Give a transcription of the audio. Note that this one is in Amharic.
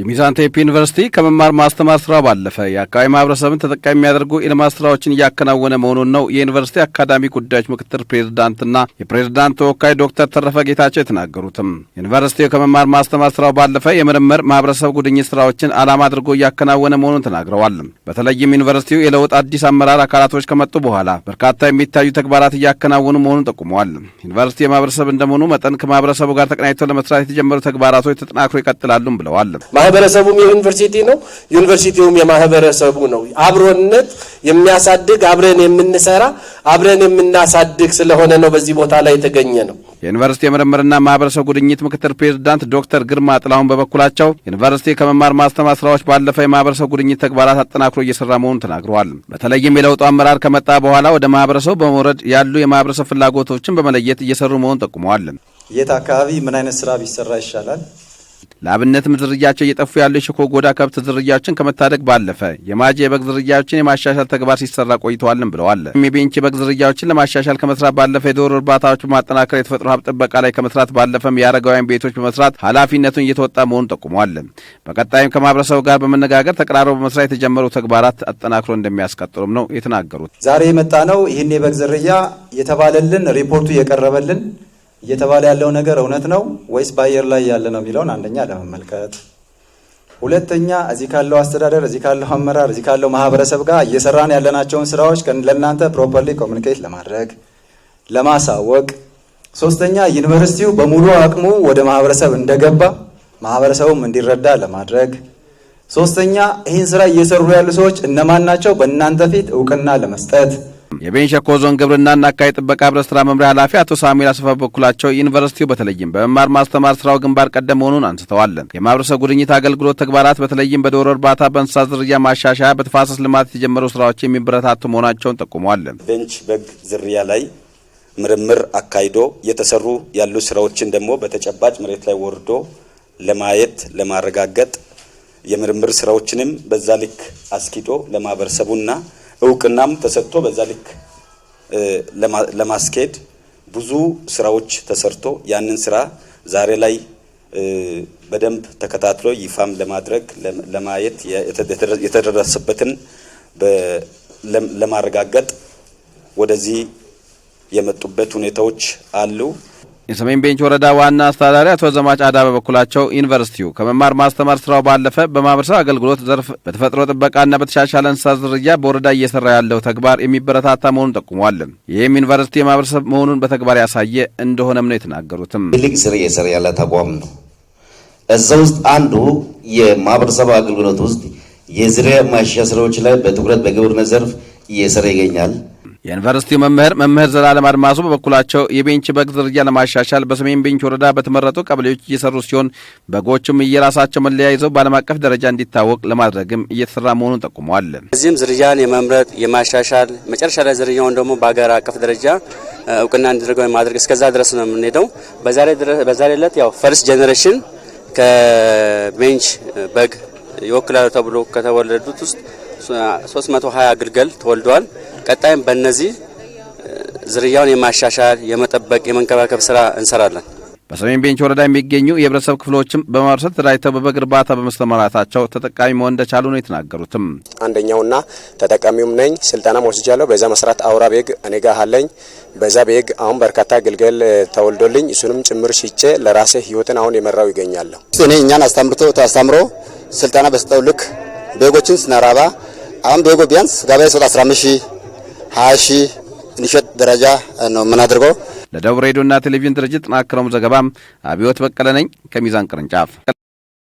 የሚዛን ቴፒ ዩኒቨርሲቲ ከመማር ማስተማር ስራ ባለፈ የአካባቢ ማህበረሰብን ተጠቃሚ የሚያደርጉ የልማት ስራዎችን እያከናወነ መሆኑን ነው የዩኒቨርሲቲ አካዳሚ ጉዳዮች ምክትል ፕሬዝዳንትና የፕሬዝዳንት ተወካይ ዶክተር ተረፈ ጌታቸው የተናገሩትም። ዩኒቨርሲቲው ከመማር ማስተማር ስራው ባለፈ የምርምር ማህበረሰብ ጉድኝት ስራዎችን ዓላማ አድርጎ እያከናወነ መሆኑን ተናግረዋል። በተለይም ዩኒቨርሲቲው የለውጥ አዲስ አመራር አካላቶች ከመጡ በኋላ በርካታ የሚታዩ ተግባራት እያከናወኑ መሆኑን ጠቁመዋል። ዩኒቨርሲቲ የማህበረሰብ እንደመሆኑ መጠን ከማህበረሰቡ ጋር ተቀናጅቶ ለመስራት የተጀመሩ ተግባራቶች ተጠናክሮ ይቀጥላሉም ብለዋል። ማህበረሰቡም የዩኒቨርሲቲ ነው፣ ዩኒቨርሲቲውም የማህበረሰቡ ነው። አብሮነት የሚያሳድግ አብረን የምንሰራ አብረን የምናሳድግ ስለሆነ ነው በዚህ ቦታ ላይ የተገኘ ነው። የዩኒቨርሲቲ የምርምርና ማህበረሰብ ጉድኝት ምክትል ፕሬዝዳንት ዶክተር ግርማ ጥላሁን በበኩላቸው ዩኒቨርሲቲ ከመማር ማስተማር ስራዎች ባለፈ የማህበረሰብ ጉድኝት ተግባራት አጠናክሮ እየሰራ መሆኑን ተናግረዋል። በተለይም የለውጡ አመራር ከመጣ በኋላ ወደ ማህበረሰቡ በመውረድ ያሉ የማህበረሰብ ፍላጎቶችን በመለየት እየሰሩ መሆኑን ጠቁመዋል። የት አካባቢ ምን አይነት ስራ ቢሰራ ይሻላል ለአብነትም ዝርያቸው እየጠፉ ያሉ ጎዳ ከብት ዝርያዎችን ከመታደግ ባለፈ የማጀ የበግ ዝርያዎችን የማሻሻል ተግባር ሲሰራ ቆይተዋልም ብለዋል። የቤንች የበግ ዝርያዎችን ለማሻሻል ከመስራት ባለፈ የዶሮ እርባታዎች በማጠናከር የተፈጥሮ ሀብት ጥበቃ ላይ ከመስራት ባለፈም የአረጋውያን ቤቶች በመስራት ኃላፊነቱን እየተወጣ መሆኑን ጠቁመዋል። በቀጣይም ከማህበረሰቡ ጋር በመነጋገር ተቀራርበው በመስራት የተጀመሩ ተግባራት አጠናክሮ እንደሚያስቀጥሉም ነው የተናገሩት። ዛሬ የመጣ ነው ይህን የበግ ዝርያ የተባለልን ሪፖርቱ የቀረበልን እየተባለ ያለው ነገር እውነት ነው ወይስ በአየር ላይ ያለ ነው የሚለውን አንደኛ ለመመልከት፣ ሁለተኛ እዚህ ካለው አስተዳደር፣ እዚህ ካለው አመራር፣ እዚህ ካለው ማህበረሰብ ጋር እየሰራን ያለናቸውን ስራዎች ለእናንተ ፕሮፐርሊ ኮሚኒኬት ለማድረግ ለማሳወቅ፣ ሶስተኛ ዩኒቨርሲቲው በሙሉ አቅሙ ወደ ማህበረሰብ እንደገባ ማህበረሰቡም እንዲረዳ ለማድረግ ሶስተኛ ይህን ስራ እየሰሩ ያሉ ሰዎች እነማን ናቸው በእናንተ ፊት እውቅና ለመስጠት የቤንሸኮ ዞን ግብርናና አካባቢ ጥበቃ ህብረት ስራ መምሪያ ኃላፊ አቶ ሳሙኤል አስፋ በኩላቸው ዩኒቨርሲቲው በተለይም በመማር ማስተማር ስራው ግንባር ቀደም መሆኑን አንስተዋል። የማህበረሰብ ጉድኝት አገልግሎት ተግባራት በተለይም በዶሮ እርባታ፣ በእንስሳት ዝርያ ማሻሻያ፣ በተፋሰስ ልማት የተጀመሩ ስራዎች የሚበረታቱ መሆናቸውን ጠቁመዋል። ቤንች በግ ዝርያ ላይ ምርምር አካሂዶ እየተሰሩ ያሉ ስራዎችን ደግሞ በተጨባጭ መሬት ላይ ወርዶ ለማየት ለማረጋገጥ የምርምር ስራዎችንም በዛ ልክ አስኪዶ ለማህበረሰቡና እውቅናም ተሰጥቶ በዛ ልክ ለማስኬድ ብዙ ስራዎች ተሰርቶ ያንን ስራ ዛሬ ላይ በደንብ ተከታትሎ ይፋም ለማድረግ ለማየት የተደረሰበትን ለማረጋገጥ ወደዚህ የመጡበት ሁኔታዎች አሉ። የሰሜን ቤንች ወረዳ ዋና አስተዳዳሪ አቶ ዘማች አዳ በበኩላቸው ዩኒቨርሲቲው ከመማር ማስተማር ስራው ባለፈ በማህበረሰብ አገልግሎት ዘርፍ በተፈጥሮ ጥበቃና በተሻሻለ እንስሳት ዝርያ በወረዳ እየሰራ ያለው ተግባር የሚበረታታ መሆኑን ጠቁሟል። ይህም ዩኒቨርሲቲ የማህበረሰብ መሆኑን በተግባር ያሳየ እንደሆነም ነው የተናገሩትም። ትልቅ ስር እየሰራ ያለ ተቋም ነው። እዛ ውስጥ አንዱ የማህበረሰብ አገልግሎት ውስጥ የዝርያ ማሻሻያ ስራዎች ላይ በትኩረት በግብርነት ዘርፍ እየሰራ ይገኛል። የዩኒቨርሲቲው መምህር መምህር ዘላለም አድማሱ በበኩላቸው የቤንች በግ ዝርያ ለማሻሻል በሰሜን ቤንች ወረዳ በተመረጡ ቀበሌዎች እየሰሩ ሲሆን በጎቹም እየራሳቸው መለያ ይዘው በዓለም አቀፍ ደረጃ እንዲታወቅ ለማድረግም እየተሰራ መሆኑን ጠቁመዋል። እዚህም ዝርያን የመምረጥ የማሻሻል መጨረሻ ላይ ዝርያውን ደግሞ በሀገር አቀፍ ደረጃ እውቅና እንዲደርገው የማድረግ እስከዛ ድረስ ነው የምንሄደው። በዛሬ ዕለት ያው ፈርስት ጀኔሬሽን ከቤንች በግ ይወክላሉ ተብሎ ከተወለዱት ውስጥ 320 ግልገል ተወልደዋል። ቀጣይም በእነዚህ ዝርያውን የማሻሻል የመጠበቅ፣ የመንከባከብ ስራ እንሰራለን። በሰሜን ቤንች ወረዳ የሚገኙ የህብረተሰብ ክፍሎችም በማርሰት ተደራጅተው በበግ እርባታ በመሰማራታቸው ተጠቃሚ መሆን እንደቻሉ ነው የተናገሩትም። አንደኛውና ተጠቃሚውም ነኝ። ስልጠናም ወስጃለሁ። በዛ መስራት አውራ ቤግ እኔ ጋ አለኝ። በዛ ቤግ አሁን በርካታ ግልገል ተወልዶልኝ እሱንም ጭምር ሽጬ ለራሴ ህይወትን አሁን የመራው ይገኛለሁ። እኔ እኛን አስተምርቶ ተስተምሮ ስልጠና በስጠው ልክ ቤጎችን ስናራባ አሁን ቤጎ ቢያንስ ገበያ ሰጥ 15 ሺህ ሀያ ሺህ እንዲሸጥ ደረጃ ነው የምናደርገው። ለደቡብ ሬዲዮና ቴሌቪዥን ድርጅት ጥናት ዘገባም አብዮት በቀለ ነኝ ከሚዛን ቅርንጫፍ